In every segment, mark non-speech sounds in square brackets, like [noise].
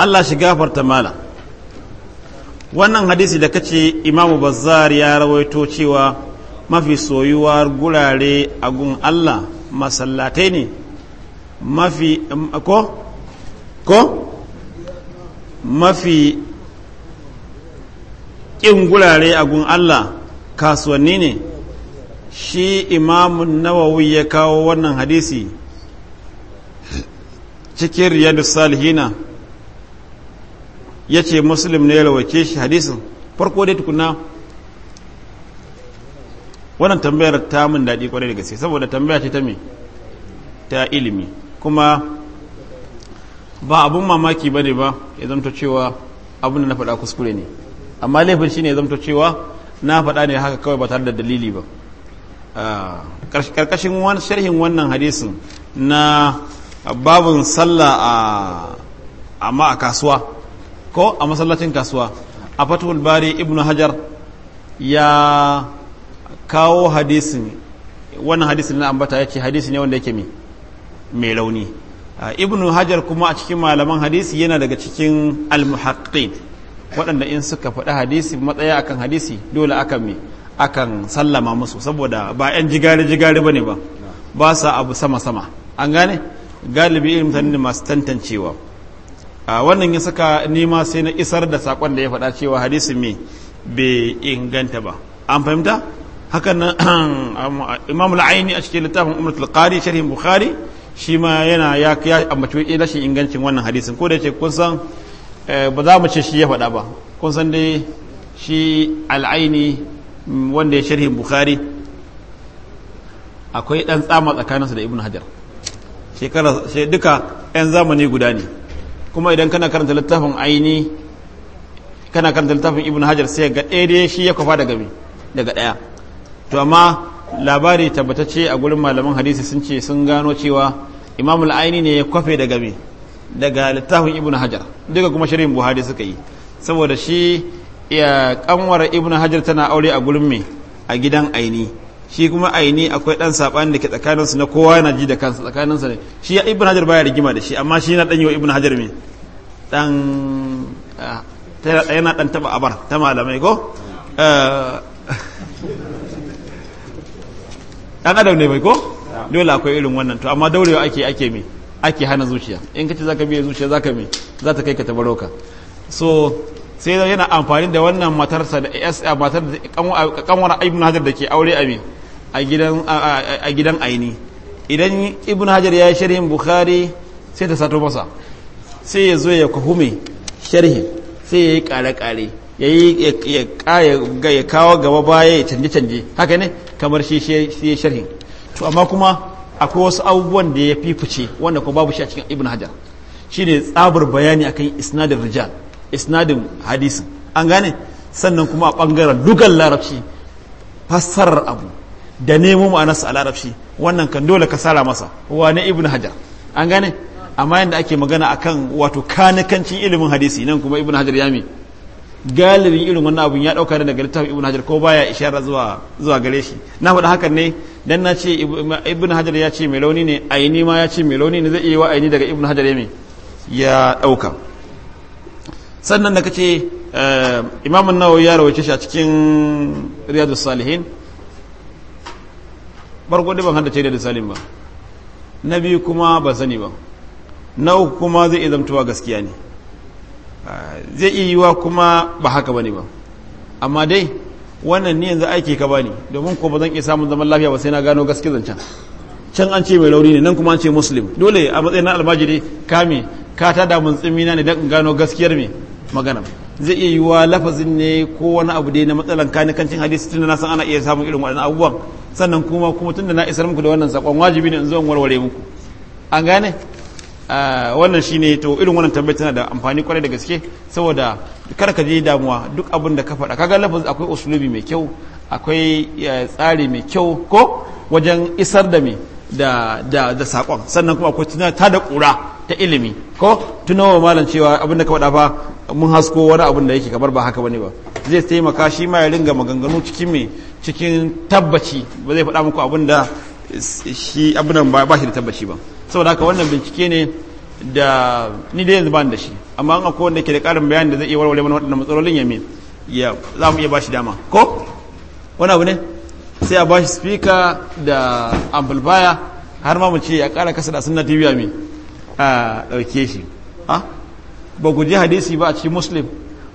Allah shi gafarta mala wannan hadisi da kace imamu bazzar ya rawaito cewa mafi soyuwar gurare a gun Allah masallatai ne mafi um, ko ko mafi ƙin gurare a gun Allah kasuwanni ne shi imamun nawawi ya kawo wannan hadisi cikin riyadu salihina ya ce muslim ne ya rawace shi hadisin farko dai tukuna wannan tambayar ta min daɗi kwarai da gaske saboda tambaya ce ta me ta ilimi kuma ba abun mamaki ba ne ba ya zamto cewa abun da na faɗa kuskure ne amma laifin shi ne ya zamto cewa na faɗa ne haka kawai ba tare da dalili ba ah, ƙarƙashin sharhin wannan hadisin na babin sallah a ma a kasuwa ko a masallacin kasuwa a fatul bari ibnu hajar ya kawo hadisin wannan hadisin na ambata ya ce hadisi ne wanda yake mai launi ibnu hajar kuma a cikin malaman hadisi yana daga cikin almuhaqqin waɗanda in suka faɗa hadisi matsaya akan hadisi dole akan mi akan sallama musu saboda ba 'yan jigari jigari bane ba ba sa abu sama sama an gane galibi irin mutanen masu tantancewa wannan ya saka nema sai na isar da sakon da ya fada cewa hadisin mai bai inganta ba an fahimta hakan nan [clears throat] imam la'ayini a cikin littafin umar tulkari sharhin bukhari shi ma yana ya ambaci eh, rashin ingancin wannan hadisin ko da ce kun san eh, ba za mu ce shi ya fada ba kun san dai shi al'ayini wanda ya sharhin bukhari akwai ɗan tsama tsakaninsu da ibn hajar shekara duka 'yan zamani guda ne kuma idan kana karanta littafin aini kana karanta littafin ibn hajar sai ga ɗaya shi ya kwafa daga daga ɗaya to amma labari tabbatacce a gurin malaman hadisi sun ce sun gano cewa imam al-aini ne ya kwafe daga me daga littafin ibn hajar duka kuma shirin buhari suka yi saboda shi ya kanwar ibn hajar tana aure a gurin me a gidan aini shi kuma aini akwai dan sabani da ke tsakaninsu na kowa yana ji da kansa tsakaninsa ne shi ya ibn hajar baya rigima da shi amma shi yana dan yi wa ibn hajar me dan eh, yana dan taba abar ta malamai ko dan eh, [laughs] adam ne bai ko dole akwai irin wannan to amma daurewa ake ake me ake hana zuciya in kace zaka biye zuciya zaka me za ta kai ka tabaroka so sai yana amfani da wannan matarsa da matar da kanwar ibn hajar da ke aure a me a gidan aini idan ibn hajar ya yi sharhin bukhari sai ta sato masa sai ya zo ya kuhume sharhin sai ya yi kare-kare ya yi ya kawo gaba baya ya canje-canje haka ne kamar shi shi ya sharhin to amma kuma akwai wasu abubuwan da ya fifice wanda kuma babu shi a cikin ibn hajar shi ne tsabar bayani akan isnadin rijal isnadin hadisin an gane sannan kuma a ɓangaren dugan larabci fassarar abu da nemo ma'anarsa a larabci wannan kan dole ka sara masa wa na ibn hajar an gane amma yadda ake magana akan wato kanikancin ilimin hadisi nan kuma ibn hajar ya mi galibin irin wannan abun ya dauka daga littafin ibn hajar ko baya ishara zuwa zuwa gare shi na faɗa hakan ne dan na ce ibn hajar ya ce mai ne aini ma ya ce mai launi ne zai iya wa aini daga ibn hajar ya ya dauka sannan da kace ce eh, an-nawawi ya rawace shi a cikin riyadus salihin barko da ban haddace da salim ba na biyu kuma ba sani ba na uku kuma zai iya zamtowa gaskiya ne ah, zai iya yiwa kuma ba haka ba ne ba amma dai wannan ne yanzu aiki ka bani domin ko ba zan iya samun zaman lafiya ba sai na gano gaskiya zancen can an ce mai rauni ne nan kuma an ce muslim dole a matsayin na almajiri kame ka ta damun tsimina ne don gano gaskiyar me magana zai iya yiwa lafazin ne ko wani abu dai na matsalan kanikancin hadisi tun na san ana iya samun irin waɗannan abubuwan sannan kuma kuma tunda na isar muku da wannan sakon wajibi ne in zo warware muku an gane ah, wannan shine to irin wannan tambayar tana da amfani kwarai da gaske saboda kar ka je damuwa duk abin da ka faɗa kaga lafaz akwai usulubi mai kyau akwai eh, tsari mai kyau ko wajen isar da me da da da sakon sannan kuma akwai tuna ta da kura ta ilimi ko tunawa malam cewa abin da ka faɗa fa mun hasko wani abin da yake kamar ba haka bane ba zai taimaka shi ma ya ringa maganganu cikin me cikin tabbaci ba zai faɗa muku abin da shi abinan ba shi da tabbaci ba saboda haka wannan bincike ne da ni da yanzu ba da shi amma an akwai wanda ke da ƙarin bayani da zai iya warware mana waɗannan matsalolin ya ya za mu iya ba shi dama ko wani abu ne sai a ba shi speaker da amplifier har ma mu ce ya ƙara kasa da sunna tv a me a ɗauke shi ba ku je hadisi ba a cikin muslim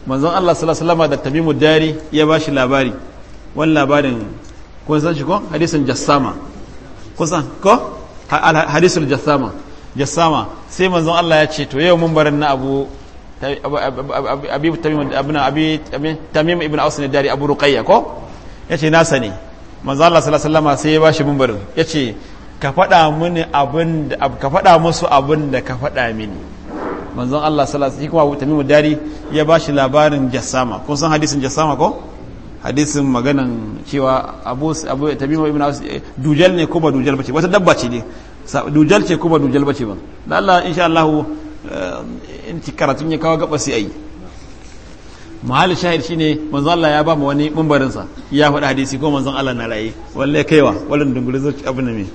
manzon Allah sallallahu alaihi da Tamimu Dari ya ba shi labari wani labarin kun san shi ko hadisin Jassama kusan ko hadisul Jassama Jassama sai manzon Allah ya ce to yau mun na Abu Abi Tamim ibn Abi Tamim ibn Aus ne Dari Abu Ruqayya ko yace na sani manzon Allah sallallahu alaihi sai ya ba shi ya yace ka faɗa mini abin ka faɗa musu abin da ka faɗa mini manzon Allah sallallahu alaihi wasallam tamimu dari ya bashi labarin jassama kun san hadisin jassama ko hadisin maganan cewa abu abu tamimu ibn aus eh, dujal ne ko ba dujal bace wata dabba ce ne dujal ce ko ba dujal bace ba dan Allah insha Allah eh, in ci karatun ya kawo gaba sai ayi mahal shahid shine manzon Allah ya ba mu wani mimbarin sa ya faɗi hadisi ko manzon Allah na raye wallahi kaiwa wallan dungure zuci abu ne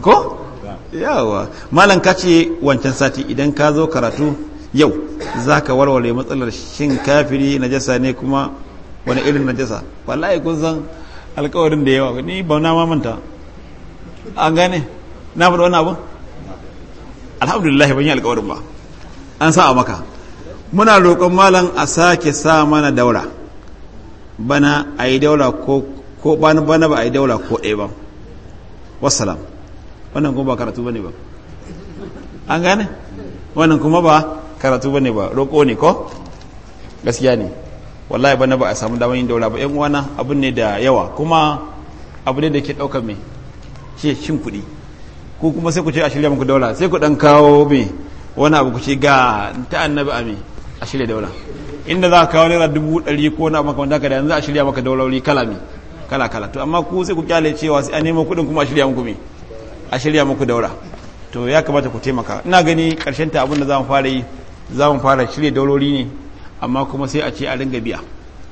ko yawa malam ka ce wancan sati idan ka zo karatu yau za ka warware matsalar shin kafiri jasa ne kuma wani irin na najasa wallahi kun san alkawarin da yawa ni ba na mamanta an gane na faɗi wani abu alhamdulillah ban yi alkawarin ba an sa a maka muna roƙon malam a sake sa mana daura bana a yi daura ko bana ba a yi daura ko ɗaya ba wassalam wannan kuma ba karatu bane ba an gane wannan kuma ba karatu bane ba roƙo ne ko gaskiya ne wallahi bana ba a samu damar yin daura ba yan uwana abu ne da yawa kuma abu ne da ke ɗaukar mai ce shin kuɗi ko kuma sai ku ce a shirya muku daura sai ku ɗan kawo mai wani abu ku ce ga ta annabi a mai a shirya daura inda za ka kawo naira dubu ɗari ko na maka wanda ka da yanzu a shirya maka wuri kala mai kala kala to amma ku sai ku kyale cewa sai a nemo kuɗin kuma a shirya muku mai a shirya muku daura to ya kamata ku taimaka ina gani karshen ta abinda zamu fara yi zamu fara shirya daurori ne amma kuma sai a ce a ringa biya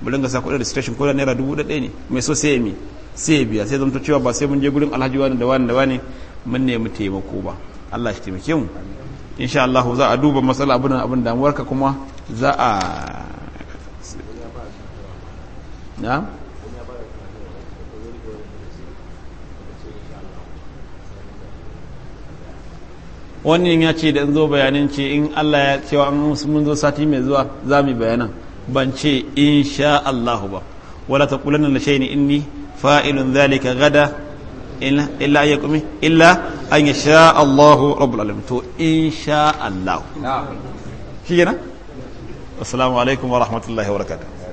mu ringa sa kuɗin registration ko da naira dubu ɗaya ne mai so sai ya mi sai ya biya sai zamto cewa ba sai mun je gurin alhaji wani da wani da wani mun nemi taimako ba Allah shi taimake mu insha Allah za a duba matsala abin abin ka kuma za a na wannan ya ce da in zo bayanin ce in Allah ya cewa mun zo sati mai zuwa za mu bayanan ban ce insha Allah ba wala ta taqulanna la shay'in inni fa'ilun dhalika gada illa ayyakumi illa an yasha Allah rabbul alamin to insha Allah shi kenan assalamu alaikum wa rahmatullahi wa barakatuh